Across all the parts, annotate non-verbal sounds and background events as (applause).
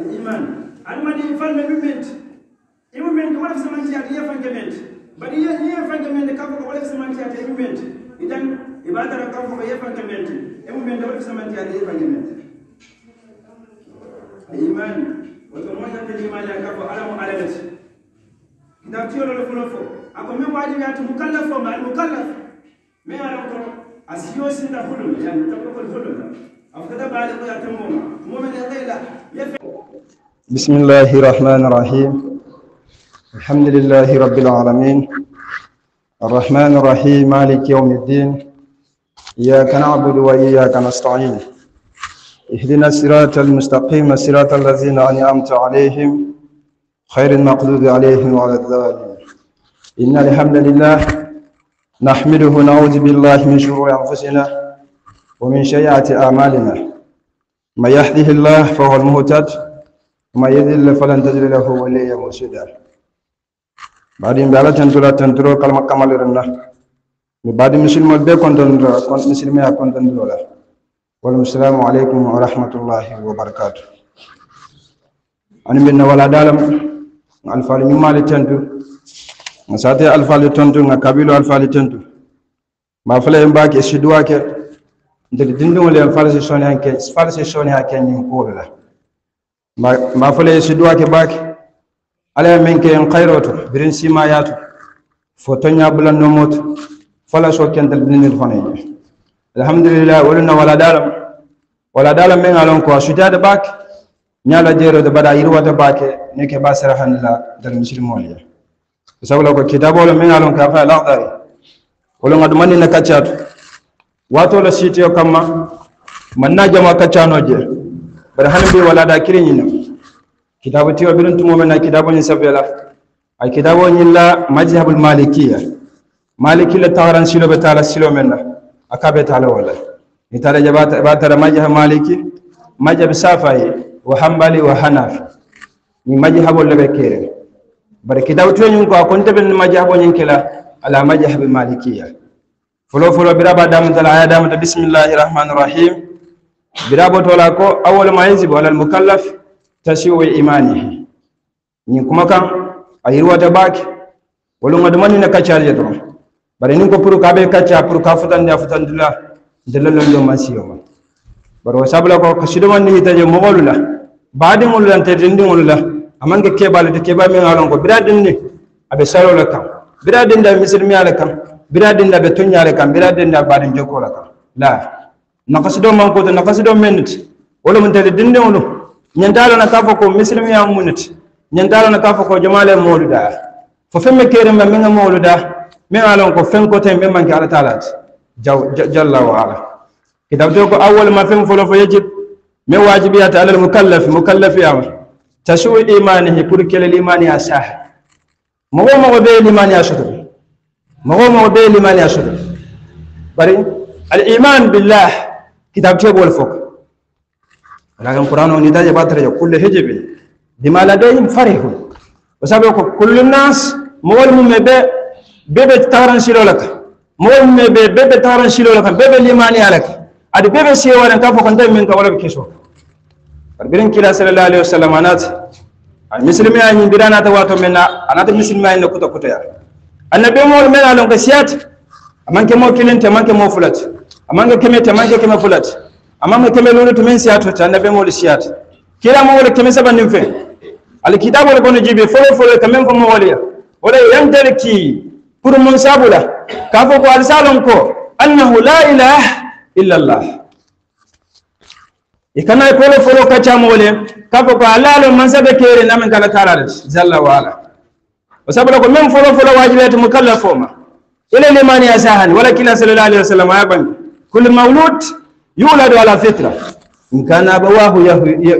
الإيمان المدي يفعل مبيمنت إيمان ولا في زمان تيار يفعل جمنت بدي يفعل جمنت كابو ولا في زمان تيار إيمان إذن إبادة كافو يفعل جمنت إيمان ولا في زمان تيار يفعل جمنت الإيمان وتموجة الإيمان كابو على معلمة كتاب تيار ولا فلوفو أكو مين واحد يعطي مكلف فما المكلف مين على أسيوس إن فلو يعني تبقى الفلو أفكذا بعد مو من هذا لا يضيلا بسم الله الرحمن الرحيم الحمد لله رب العالمين الرحمن الرحيم مالك يوم الدين إياك نعبد وإياك نستعين اهدنا الصراط المستقيم صراط الذين أنعمت عليهم خير المقلوب عليهم وعلى الضالين إن الحمد لله نحمده نعوذ بالله من شرور أنفسنا ومن شيعة أعمالنا من يهده الله فهو المهتد ما يذل فلن تجد له وليا مرشدا بعدين بعلا تنتورا تنتورا كلمة كمال رنا بعد مسلم بي كنتندرا كنت مسلم يا كنتندرا والسلام عليكم ورحمة الله وبركاته أنا من ولا دالم الفال من مالي تنتو نساتي الفال تنتو نكابيلو الفال تنتو ما فلا ينباك يشدواك ندر دندو لي الفال سيشوني هكي الفال سيشوني هكين نقول له ma fole siduwake ke? ala ye min ke en kayiro to sima siimayaa to fo toñaa bulandomoo to fola so ken dininil fana ye alhamdulillahi wolu na wala daalam wala daalam meŋ a loŋ ko a sutaade baki? ñaa da jeero to bari a baki ne ke baa sara hani la dal misilimoolu ye sabula ko kitaaboo lo min a loŋ ko a fa alakdari wolu ŋa dumanni ne kaccaa to waatoo la siitiyo kamma man naa jama no je? bar han be wala da kirin yin kitabu tiwa birin tumo mena kitabu yin sabbi ala a kitabu yin la majhabul malikiyya maliki la tawaran silo be tala silo menna akabe tala wala ni tala jabata ba tala majhab maliki majhab safai wa hanbali wa hanafi ni majhabul la be kirin bar kitabu tiwa yin ko kon tebe majhabu yin kila ala majhab malikiyya fulo fulo biraba damu tala aya damu bismillahir rahmanir rahim biraɓo tola ko awal ma yansibu ala almukallaf tashiwu imanihi Ni kuma kan a yirwata baki wolunga dumanina kaccarje doron bare n'i ko puru ka be kacha puru ka ya a dilla dilla lan man siyoma bare wa sabla ko ko sidomandi hitaje mogolu la baadiŋolu la nte dindiŋolu la amanke keɓale te keɓa min alon ko bira dindi salo la kan bira dindi mi ala kan bira dindi aɓe ala kan bira dindi aɓe baadin jokola kan la nakasido man ko to nakasido menit wala mun tele dinde wala nyen na kafo ko muslim ya munit nyen na kafo ko jamale mawluda fo femme kere ma minga mawluda men alon ko fen ko tan men manki ala talat jalla wa ala kitab to ko awwal ma fen folo fo yajib me wajibiyat ala mukallaf mukallaf ya tashu imanihi kur kele imani sah mago mago be imani shudu mago mago be imani shudu bari al iman billah كتابتي بول فوق لكن القرآن ونداء جبات رجع كل هجب بما لديهم فرح وسابق كل الناس مول من بي بي بي تارن شلو لك مول من بي بي بي تارن شلو لك بي بي لماني عليك أدي بي بي سيوانا كافو كنت من تولى بكيسو فربين كلا صلى الله عليه وسلم أنات المسلمين يعني بلا نتواتو منا أنات المسلمين يعني كتا كتا يعني النبي مول من على سيات أمان كمو تمانك أمان كمو فلت amanga kemete amanga keme fulati amanga keme lolo to men si ato tan nabe mo siyat kila mo wala keme saban nimfe al kitabu le kono jibe folo folo kamen ko mo wala wala yandal ki pour mon sabula ka fo ko al salon ko annahu la ilaha illa allah ikana folo folo ka cha mo wala ka fo ko alalo man sabe kere namen kala kala jalla wala wasabula ko men folo folo wajibati mukallafoma ile limani ya sahani wala kila sallallahu alaihi wasallam ayabangi كل مولود يولد على فترة إن كان أبواه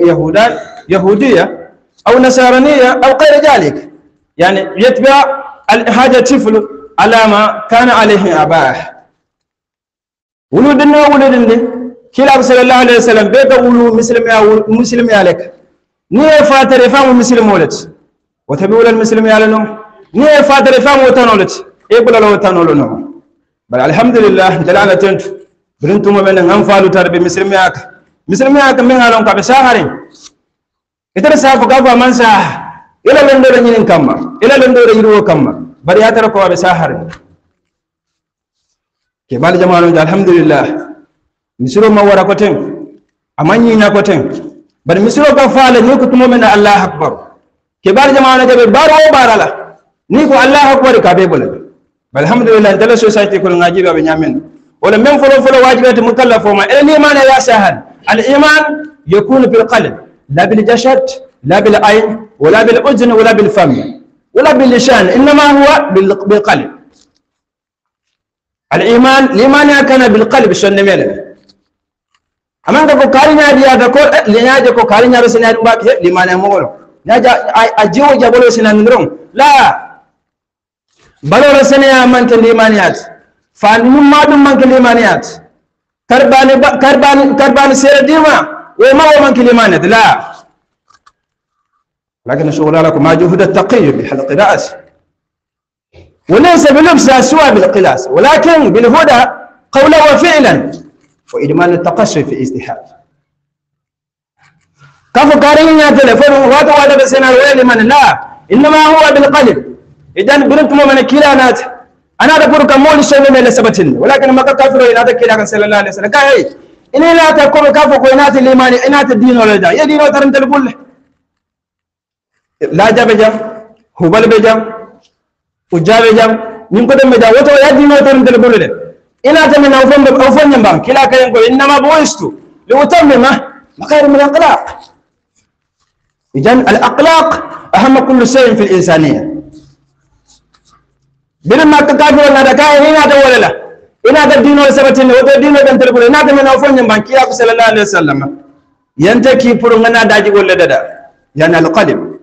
يهودا يهودية أو نصرانية أو غير ذلك يعني يتبع هذا الطفل على ما كان عليه أباه ولدنا ولدنا كلا صلى الله عليه وسلم بيت أولو مسلم يا مسلم يا لك نيه فاتر فهم مسلم ولد وتبيول المسلم يا لنا نيه فاتر فهم وتنولد إيه بلا لو تنولنا بل الحمد لله جلالة تنتو birin tuma men han falu tarbe misir mi aka misir mi aka men halon ka be sahare itar sa ko gafa man sa ila len dore nyin kamma ila len dore yiro kamma bari ya tar ko be sahare ke bal jama'an alhamdulillah misiro ma wara ko ten amanyi nya ko ten bari misiro ka faale ni ko tuma men allah akbar ke bal jama'an ke be baro barala ni ko allah akbar ka be bol alhamdulillah dala society ko ngaji be nyamen ولا من فلو فلو واجبات مكلف وما إلا الإيمان يا سهل الإيمان يكون بالقلب لا بالجسد لا بالعين ولا بالأذن ولا بالفم ولا باللسان إنما هو بالقلب الإيمان الإيمان كان بالقلب سنة ميلة أما أنك كارينا دي هذا كور لناجا كارينا رسنا باك الإيمان مولو ناجا أجيو جابلو سنا نرون لا بلو رسنا من الإيمانيات ما دم من كلمانيات كربان كربان كربان سير ديما وما هو من كلمانيات لا لكن شغل لكم ما جهد التقي بالحلق رأس وليس بلبس سوى بالقلاس ولكن بالهدى قولا وفعلا وإدمان التقشف في استحاب كفو كارين يا تلفون واتوا هذا بسنا الويل من لا إنما هو بالقلب إذن بنتم من كيلانات أنا أقول لك مولي شيء من أنا ولكن ما قد كفروا إلى ذلك لكن صلى الله عليه وسلم أنا إن لا تكون كفر قوينات الإيمان إنات الدين ولا دا يا أنا وترمت البول لا جا بجا هبل بجا وجا بجا نمكن بجا أنا يا دين وترمت البول ده إن أتى من أوفن أوفن يبا أنا كي يقول أنا بويستو لو تم ما ما خير من الأقلاق إذن الأقلاق أهم كل شيء في الإنسانية birin ma ka kafi wannan da kayan ina da walala ina da dino da sabatin ne wato dino da turbure ina da mana fonyin banki ya ku sallallahu alaihi wasallam yanta ki furun ana da ji golle da yana alqalim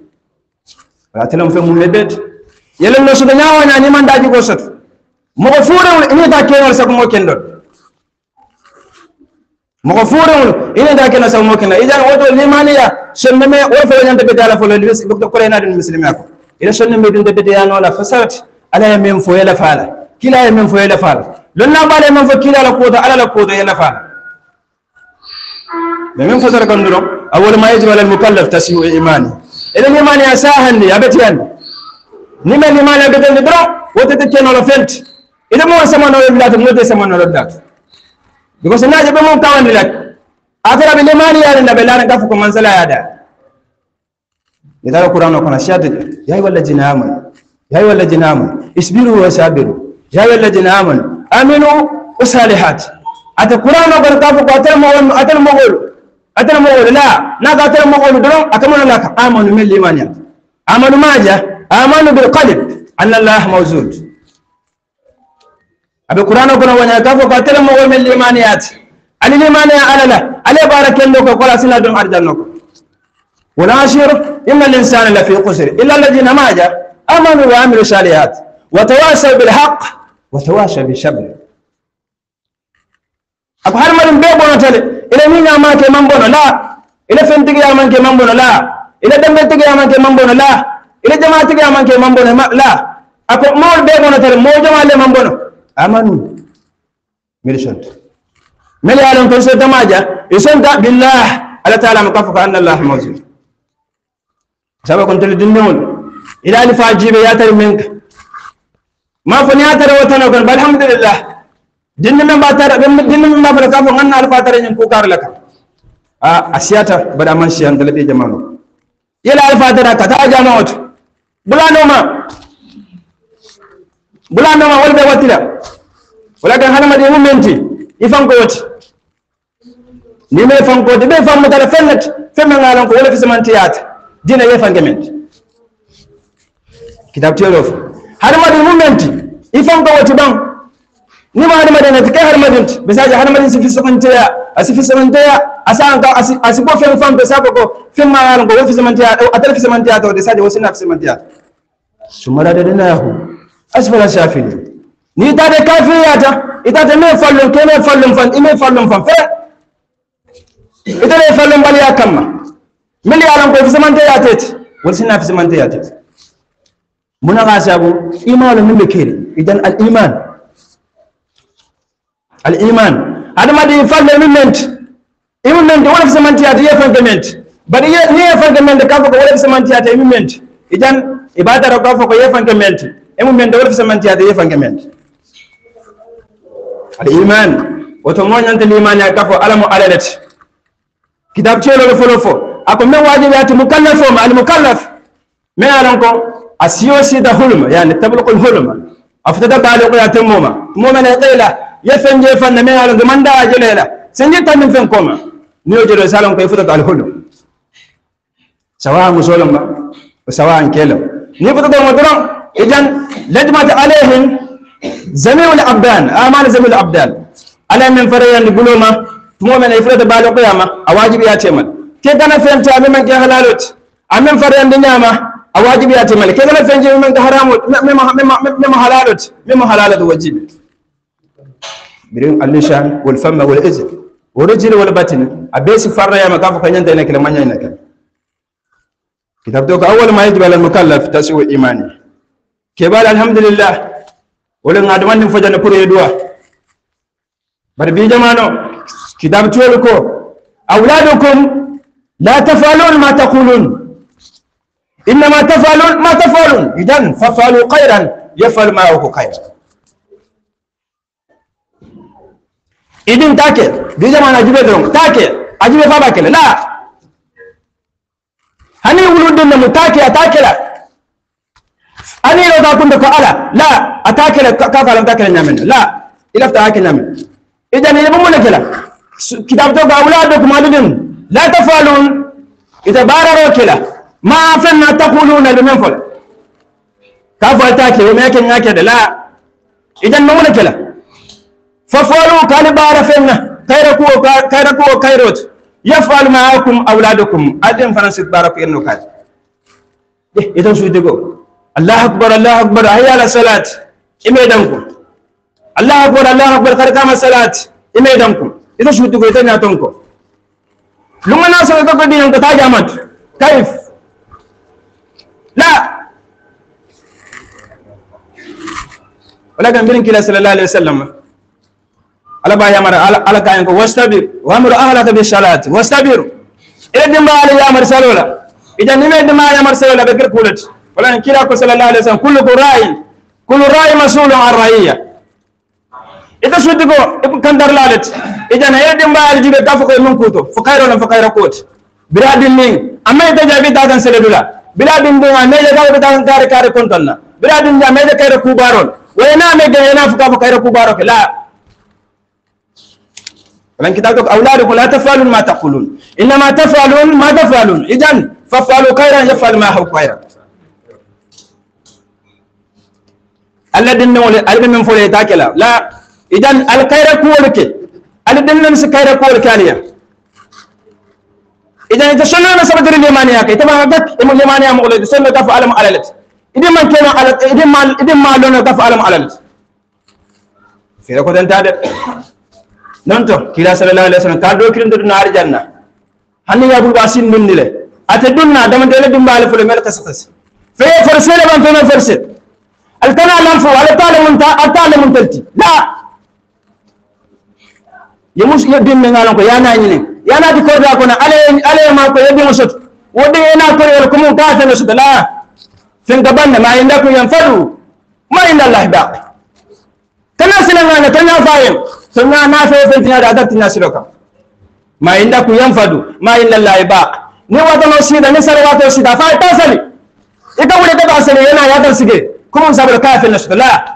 ratilam fe mum mebet yelen no suga nyaawa na ni man da ji gosat mo ko fure wul ini da kenal sa mo ken dot mo ko fure wul ini da kenal sa mo ken idan wato limaniya sunna me wo fe nyanta be dala fo le lis ko ko rena den muslimi ko ila sunna me den de de ya no la fasat ala ye min fo ye lafa la kila ye min fo ye lafa la lon na bala ye min fo kila la koto ala la koto ye lafa la ɓe min fotata kam ɗuɗo awol ma yajibu ala almukallaf tasiu e imani eɗen imani a sahandi a ɓeti hande nimen imani a ɓetende ɗo wotete kenolo fenti ede mo samanolo dulatu mote samanolo dulatu because naje ɓe mum kawandi lak atara ɓe lemani yaade nda ɓe laana gafu ko mansala yaada ɓe tara qouran o kono siyade ya ayyuha allazina amanu يا أيها الذين آمنوا اصبروا وصابروا يا أيها الذين آمنوا آمنوا وصالحات أتى القرآن بركاته أتى المغول أتى المغول أتى المغول لا لا أتى المغول درون أكمل لك آمنوا من الإيمان آمنوا ماجا آمنوا بالقلب أن الله موجود أبي القرآن كنا ونعتقد أتى المغول من الإيمان أن الإيمان على لا على بارك الله ولا سنة دون أرض ولا عشير إن الإنسان لفي قصر إلا الذين ماجا امنوا وعملوا صالحات وتواصوا بالحق وتواصوا بالصبر اكو هر مالم بي بونو الى مين يا ماك من بونو لا الى فنتي يا ماك كي من بونو لا الى دمتي يا ماك كي من بونو لا الى جماعتي يا ماك كي من بونو لا اكو مول بيبو نتل مول مو جماعه لي من بونو امنوا ميرشنت ملي كل كنسو دماجا يسنت بالله على تعالى مكفك ان الله موجود سبب كنت لدنون ila ni fajibe ya tar min ma fa ni ya tar wata na kan alhamdulillah dinna men ba tar dinna men ba fara kafin anna alfa tar yin ko kar laka a asiyata da man shi an dalabe jama'a ila alfa tar ka ta jama'u bulano ma bulano ma walbe watila walakan halma de menti ifan ko wati ni me fan ko de be fan mutara fennat femma ngalan ko wala fisamanti yata dina fan gementi kitab telof har madin mumenti ifan ga wati ban ni ma har madin ta kai har madin bisaji har madin sifi samantaya asifi samantaya asan ka asibo fen fan besabo ko fen ma yaran ko wofi samantaya a tarfi samantaya to da saje wasu na fi samantaya sumara da dana yahu asfala shafini ni ta da kafiriyata ita ta mai fallon ke mai fallon fan ime fallon fan fe ita ne bali ya kama mili ko fi samantaya ta ce wasu na fi samantaya ta ce muna ma sabu imanin min bikiri idan al-iman al-iman adama da fal movement movement wala fi samanti ya ya fundament bari ya ne fundament ka fa wala fi samanti ya movement idan ibada ka fa ya fundament movement wala fi samanti ya ya fundament al-iman wato mo nyanta liman ya ka fa alamu alalat kitab ce lo fo lo fo akon me wajibi ya mukallafo ma al-mukallaf me aran ko asiyosi da hulma yani tabluqu hulma aftada baliqu ya tamuma mu'mina qila yafan jefan na mena ga manda ajelela sanje tan fen koma niyo jelo salon ko ifata al hulum sawa musolam ba sawa ankelo ni fata da madaram idan lajmat alaihim zamiu al abdan amal zamiu al abdan ala min farayan guloma mu'mina ifata baliqu ya ma awajibi ya temal ke kana fen ta min ke halalot amin farayan dinyama a wajibi a temale ke gala fen jemi men ga haramu mema halalot mema halalot wajibi birin alishan wal famma wal izn wal rijl wal batn abesi farra ya makafu kanyan da nakala manya nakala kitab to ka awwal ma yajibu al mukallaf taswi imani ke bal alhamdulillah wala ngadman dim fajana pure duwa bar bi jamano kitab to ko awladukum la tafalun ma taqulun إنما تفعلون ما تفعلون إذن ففعلوا خيرا يفعل معه خيرا إذن تاكي دي زمان أجيبه درون تاكي أجيبه فاباكي لا هني يقولون دينا متاكي أتاكي لا أني لو تكون ألا لا أتاكي كافة لم تاكي نعمل لا إلا أفتاكي نعمل منه إذن إذا بمولك لا كتابتك أولادك مالدين لا تفعلون إذا بارا روكي ma fɛn na taquluna be men fola ka fo ta ke me ke ngake da la idan no wala kala fa falu kal bara fenna kayra ko kayra ko kayrot yafal ma'akum auladukum adin faransi baraku irno kaji idan su digo allah akbar allah akbar hayya ala salat ime danku allah akbar allah akbar kar kama salat ime danku idan su digo ne a tonko lumana sa ta ko dinan ka ta jamat kaif لا ولكن بين كلا صلى الله عليه وسلم على باي امر على كاين كو واستبر وامر اهلك بالصلاه واستبر ادم بالي يا امر صلولا اذا نمي ادم يا امر صلولا بكر كولت ولكن كلا صلى الله عليه وسلم كل راي كل راي مسؤول عن رعيه ita su digo kandar lalit ita na yadin ba aljibe ta fukai min kuto fukai rolan fukai rakot biradin min amma ita jabi ta kan sele dula بلا بندو ما ميدا كاو بتان كار كار كون كنا بلا بندو ميدا كار كوبارون وينا ميدا ينا فكا فكا كوبارك لا من كتابك أولادكم لا تفعلون ما تقولون إنما تفعلون ما تفعلون إذا فافعلوا خيرا يفعل ما هو خيرا الذين الذين من فوق لا إذا الخير كولك الذين من سكير كولك يعني إذا إذا شنو أنا سبب دري اليمانية كي تبع عندك إما اليمانية مقولة إذا شنو دافع على مالك إذا ما كنا على إذا ما إذا ما لون دافع على مالك في ركود أنت هذا ننتو كلا سلام الله عليه وسلم كادو كريم تدو نار جنة هني يا أبو باسين من دلة أتدو نا دمن دلة دم بالي فلو ملك سكتس في فرسي لا من فينا فرسي الكنا لام فو على تالا من تا على تالا من تلتي لا يمشي يدين من عالم كي أنا إني yana ti korda kuna ya ma ko yabi musut wodi yana korda kuma ka ta su bala fin gaban da ma inda ku yan fadu ma inda Allah ba kana silan na tanya fayin sun na na fa fin tinya da adatin nasiro kam ma inda ku yan fadu ma inda Allah ba ni wata no shi da ni sarwa ta shi da fa ta sani. ita wuri da ba sali yana ya dar sige kuma sabar kafin nasu bala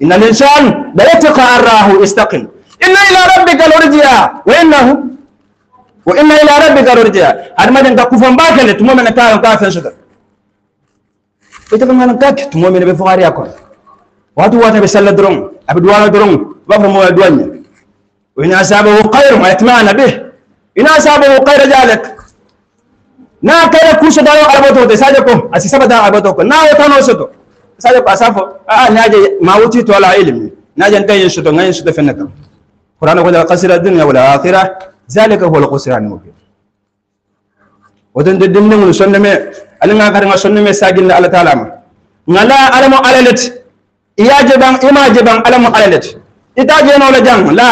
inna linsan da ya yatqa arahu istaqim إنا إلى ربك رجيا وإنه وإنا إلى ربك رجيا هذا ما عندك كفن باكل تمو من كاي من كاي شجر إذا كان من كاي تمو من بفقاري أكون واتو واتو بسلا درون أبي دوان درون بفهم ما دواني وإن أصابه قير ما يتمعن به إن أصابه قير جالك نا كلا كوش دارو أربطه ده ساجكو أسيسبة دار أربطه كو نا يتنو شتو ساجكو أسافو آه ناجي ما وتي تولا علمي ناجي أنت ينشتو غير ينشتو فينا كم قرآن يقول قصر الدنيا والآخرة ذلك هو الخسران المبين ودن دن من سنم ألا نعكر ما سنم ساجن على تعلم نلا على ما على لت إيا جبان إما جبان على ما على لت إتاجي ولا جان لا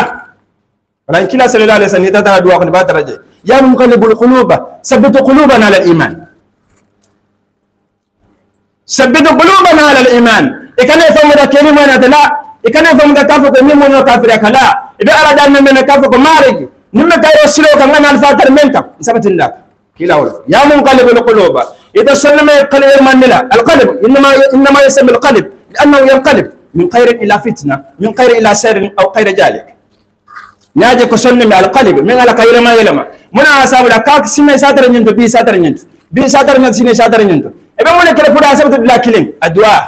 ولكن كلا صلى الله عليه وسلم دوا قن بات رجع يا مقلب القلوب ثبت قلوبنا على الإيمان ثبت قلوبنا على الإيمان إكنا فهم ذا كلمة لا إكنا فهم ذا كافر كلمة لا كافر يا كلا ibe ala dal men men kafa ko mareki nimme kayo silo kan ngana alfa tar men tak isabatillah kila wala ya munqalib alquluba اذا سلم القلب من لا القلب انما انما يسمى القلب لانه ينقلب من خير الى فتنه من خير الى سر او خير ذلك ناجي كسلم على القلب من على خير ما يلما من اصحاب الكاك سمي ساتر نينتو بي ساتر نينتو بي ساتر نينتو سمي ساتر نينتو ابي مولا كلا فدا سبت بلا كلم الدعاء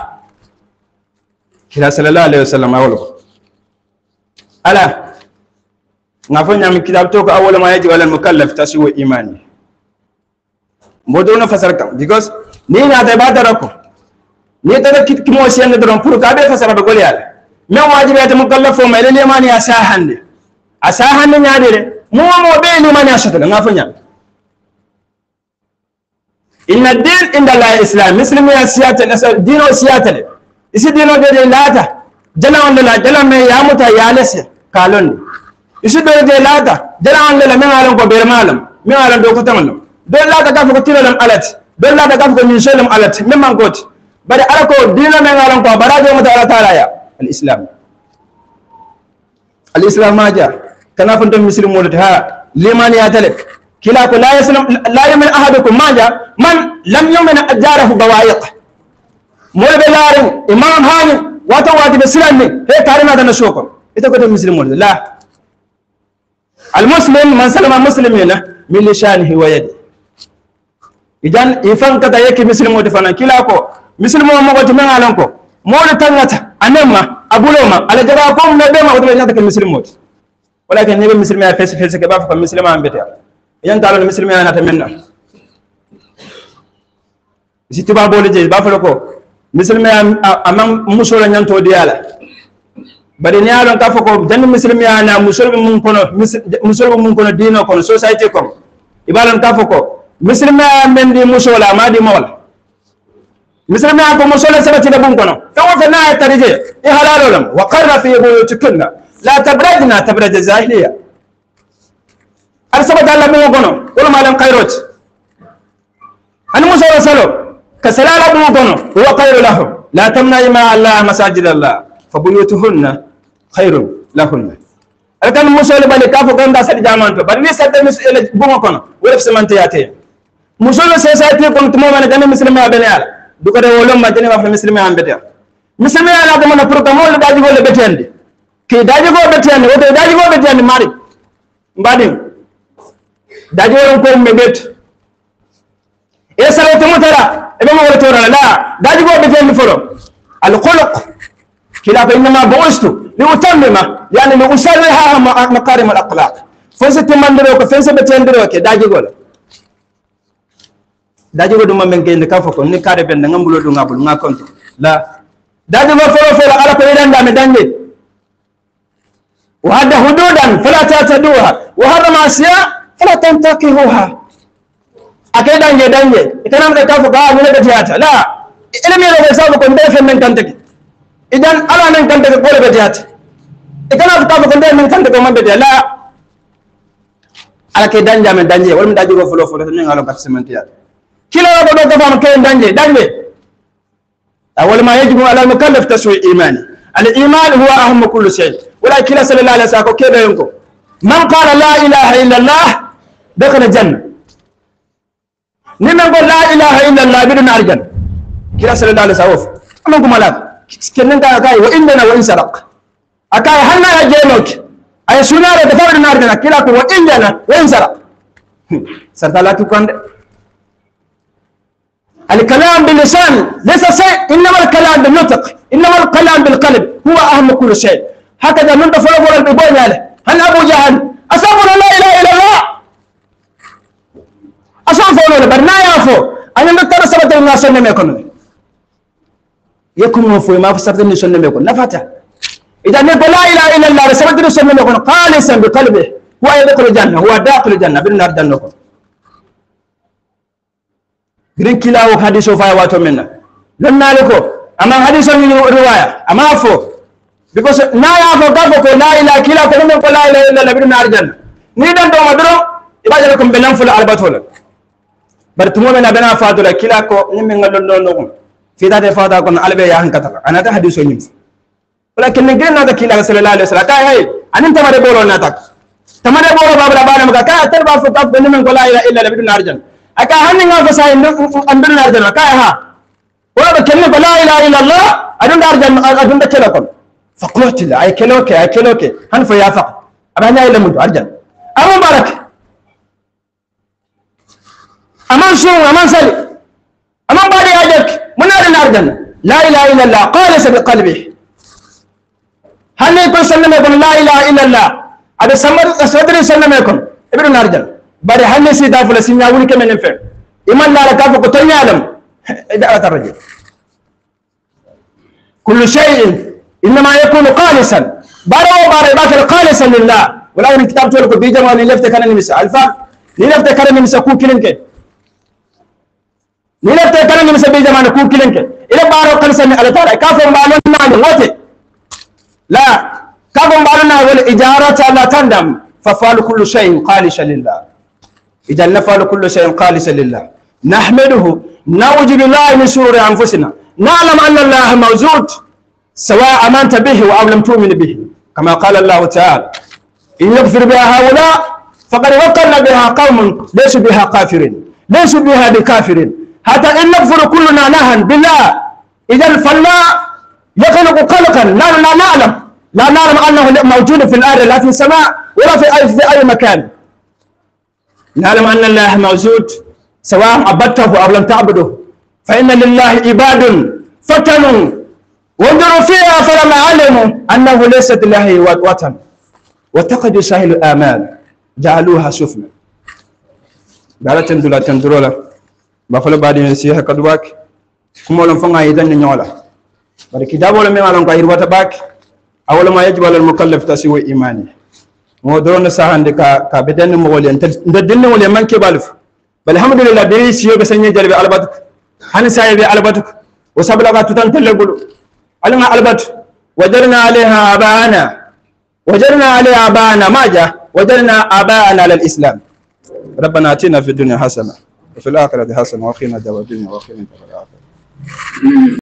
كلا صلى الله عليه وسلم اولكم ألا نفني من كتاب توك أول ما يجب على المكلف تسوى إيماني مدونا فسركم because نينا تبادر ركو نيتنا كت كمو سيان ندرون برو كابي فسر بقولي على من واجب يا مكلف وما إلى الإيمان يا ساهن يا ساهن نادر مو مو بين الإيمان يا شتلا نفني إن الدين عند الله الإسلام مسلم يا سياتة دينه سياتة إذا دينه غير لا تا جلا ولا لا جلا ما يا متى يا لسه kalon isi do je lada jara an la men alan ko ber malam men alan do ko tamalo do lada ka ko tilalam alat do lada ka ko min solam alat men man got bari ala ko dina men alan ko baraje mata ala taala ya al islam al islam ma ja kana fon to muslim mo ha liman ya talak kila ko la yaslam la yamin ahadukum ma ja man lam yumin ajarahu bawayiq mo be larin imam hani wato wati be silanni he karina da na shokon يتقدر المسلمون لا المسلم من سلم المسلم هنا من لسانه ويده idan ifan kata yake muslimo da fana kila ko muslimo mo ko tumen alan ko mo da tangata anamma abuloma ala jaba ko mo be ma ko tumen ta muslimo walakin ne be muslimo ya fesi fesi ke ba fa muslimo an beta idan ta ala muslimo ya na ta menna sitiba bole je ba fa ko muslimo ya amman musora nyanto diyala bari ni alon kafa ko dan muslim ya na musulmi mun kono musulmi mun kono dino kono society kono ibalon kafa ko muslim ya men di musola ma di mawla muslim ya ko musola sabati da bun kono kan wata na tarije e halalo lam wa qarra fi buyutikunna la tabrajna tabraj zahiliya ar sabata Allah mun kono wala malam khairot an musola salo kasalala mun kono wa khairu lahum la tamna ma Allah masajid Allah fa buyutuhunna خير لهن أركان موسى لبني كافو كان داس الجامان في بني سات مس إلى بوما كنا ورف سمنتي أتي موسى لس ساتي كون تمو من جنب مسلم يا بني آل دكرة ولهم ما جنب أفر مسلم يا أمبيا مسلم يا آل كمان أفر كمان ولا داجي ولا بتياندي كي داجي ولا بتياندي هو كي داجي ولا بتياندي ماري بعدين داجي ولا كون مبيت إيه سرعة تمو ترى إبى ما ورثورا لا داجي ولا بتياندي فرو الخلق خلاف إنما بعثت لأتمم يعني لأصلح مكارم الأخلاق فنسى تمندروك فنسى بتندروك داجي قول داجي قول دوما من كين كافوكو ني كاري بند بلو دو ngabul nga konto لا داجي قول فلو فلو على بيدان دامي دانجي وهذا حدودا فلا تعتدوها وهذا ما سيا فلا تنتقهوها أكيد دانجي دانجي إتنام لكافو قاعد من الدفيات لا إلمي لو يسافو كنت في من كنتكي idan ala nan kan daga kore badiya ta idan aka kafa kan nan kan daga man badiya la ala ke danja men danje wala men daji go fulo fulo tan ngalo kat semantiya kila ko do kafa man kan danje danje awal ma yajibu ala mukallaf taswi imani al iman huwa aham kullu shay wala kila sallallahu alaihi wasallam ko ke da yanko man qala la ilaha illa allah dakhala janna ni men go la ilaha illa allah bidun arjan kila sallallahu alaihi wasallam amma kuma la سكنن دا كاي وإننا وإن سرق أكاي هلا يا جيمك أي سنة دفور النار كنا كلا وإننا وإن سرق (laughs) سرت لا تكون الكلام باللسان ليس شيء إنما الكلام بالنطق إنما الكلام بالقلب هو أهم كل شيء هكذا من دفور البيبوين له هل أبو جهل أسامنا لا إله إلا الله أسامنا لا برنا يافو أنا نترى سبت الناس النمي كنوني يكم فوي ما فسرت من سنة يكون نفته إذا نقول لا إله إلا الله رسمت من سنة يكون خالصا بقلبه هو يدخل الجنة هو داخل الجنة بالنار جنة غير كلا وحديث وفاي واتو منا لن نالكو أما حديث من رواية أما فو because na ya fa ka ko la ilaha illa ko men ko la ilaha illa allah bin arjan ni dan do madro ibajal kum bilan ful albatol bar tumo men abana fadula kila ko ni men ngalon no سيدا دفادا كن علبة يا هن كتلا أنا ده حديث ونيم ولكن نجري نادا كيلا صلى الله عليه وسلم كاي هاي أنا أنت ما مرة بولو ناتك تمرة بولو بابا بابا نمك أتر تربى فكاف بني من كلا إلا إلا لبيت نارجن أكا هن نعم فساي نبيد نارجن كاي ها ولا بكلم لا إلا إلا الله أنا نارجن أنا أدون بكلكم فقلت لا أي كلوك أي كلوك هن فيا فق أبغى إلا مدو أرجن أبو بارك أمان شو أمان سالي أمان بادي أجا واحدا لا إله إلا الله قالس بقلبه هل يكون سلم يكون لا إله إلا الله هذا سمر صدر سلم يكون ابن نارجل بري هل يسي دافل سنيا ولك من الفعل اما لا لك فقطن يعلم دعوة الرجل كل شيء إنما يكون قالسا بارا وبارا باكر قالسا لله ولكن كتابته لك بيجمع لنفتك أنا نمسا الفا لنفتك أنا نمسا لنكي نيلت ان من سبي زمان كوك كلينك ان بارو كان سن على ترى ان بالون نان غاتي لا كافم ان نان ولا إجارة لا تندم ان كل شيء قالس لله إذا ان كل شيء قالس لله نحمده ان الله من شرور أنفسنا نعلم أن الله ان سواء أمنت به أو لم ان به كما قال الله تعالى إن ان يغفر بها هؤلاء فقد وكلنا بها قوم ليسوا بها كافرين ليسوا بها بكافرين حتى إن نغفر كلنا نهن بالله إذا فلا يخلق قلقا لا لا نعلم لا نعلم أنه موجود في الأرض لا في السماء ولا في أي, في أي مكان نعلم أن الله موجود سواء عبدته أو لم تعبده فإن لله عباد فتنوا وانظروا فيها فلما علموا أنه ليست لله وطن واتقدوا سهل الآمال جعلوها سفنا بلا تندولا تندولا Ba fa bafalo baɗi siha kadu bake kumolon fonga yitanne ñoola bari kitabolo men alon ko awol ma awoloma al mukallaf tasiwo imani mo dorone sahande ka ka ɓetenne mogol en nde dillewol e manque balif bali be ɓe siyoɓe sañe jaleɓe albatuk hani saye be albat o sablaka tutan telleguɗo alaga albatu wajarna alaiha abana wajarna alaiha abana maja wajarna abana lal islam rabbana atina fi dunia hasana وفي الآخرة دهاسة مواقينا دوابين مواقينا في الآخرة